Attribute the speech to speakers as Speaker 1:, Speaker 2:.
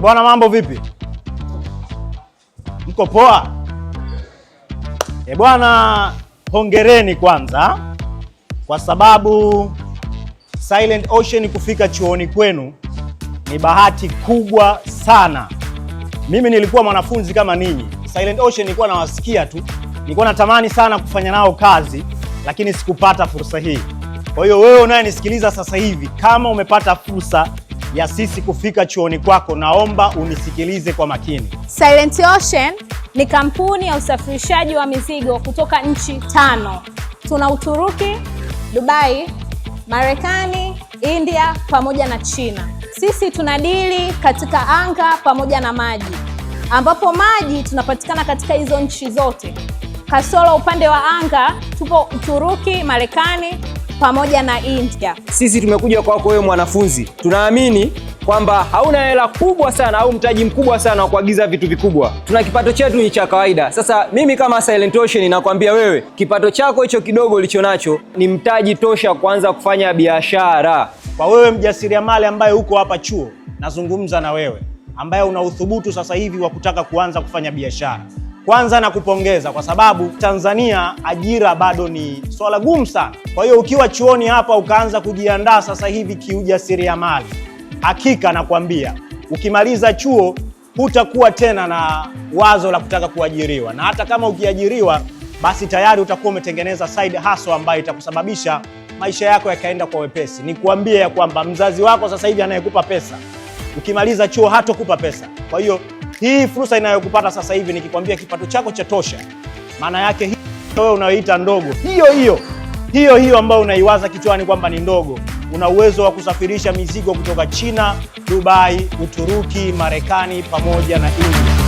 Speaker 1: E bwana, mambo vipi? Mko poa? E bwana, hongereni kwanza eh, kwa sababu Silent Ocean kufika chuoni kwenu ni bahati kubwa sana. Mimi nilikuwa mwanafunzi kama ninyi. Silent Ocean nilikuwa nawasikia tu, nilikuwa natamani sana kufanya nao kazi, lakini sikupata fursa hii. Kwa hiyo wewe unayenisikiliza sasa hivi, kama umepata fursa ya sisi kufika chuoni kwako, naomba unisikilize kwa makini.
Speaker 2: Silent Ocean ni kampuni ya usafirishaji wa mizigo kutoka nchi tano. Tuna Uturuki, Dubai, Marekani, India pamoja na China. Sisi tunadili katika anga pamoja na maji, ambapo maji tunapatikana katika hizo nchi zote, kasoro upande wa anga tupo Uturuki, Marekani pamoja na India.
Speaker 1: Sisi tumekuja kwako wewe mwanafunzi, tunaamini kwamba hauna hela kubwa sana au mtaji mkubwa sana wa kuagiza vitu vikubwa. Tuna kipato chetu ni cha kawaida. Sasa mimi kama Silent Ocean nakwambia wewe, kipato chako hicho kidogo ulicho nacho ni mtaji tosha kuanza kufanya biashara.
Speaker 3: Kwa wewe mjasiriamali ambaye uko hapa chuo, nazungumza na wewe ambaye una uthubutu sasa hivi wa kutaka kuanza kufanya biashara. Kwanza na kupongeza kwa sababu Tanzania ajira bado ni swala gumu sana. Kwa hiyo ukiwa chuoni hapa ukaanza kujiandaa sasa hivi kiujasiriamali, hakika nakwambia ukimaliza chuo hutakuwa tena na wazo la kutaka kuajiriwa, na hata kama ukiajiriwa, basi tayari utakuwa umetengeneza side hustle ambayo itakusababisha maisha yako yakaenda kwa wepesi. Nikuambie ya kwamba mzazi wako sasa hivi anayekupa pesa, ukimaliza chuo hatokupa pesa. Kwa hiyo hii fursa inayokupata sasa hivi nikikwambia kipato chako cha tosha, maana yake hii wewe unayoita ndogo, hiyo hiyo hiyo hiyo ambayo unaiwaza kichwani kwamba ni ndogo, una uwezo wa kusafirisha mizigo kutoka China, Dubai, Uturuki, Marekani pamoja na India.